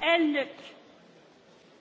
Elnök!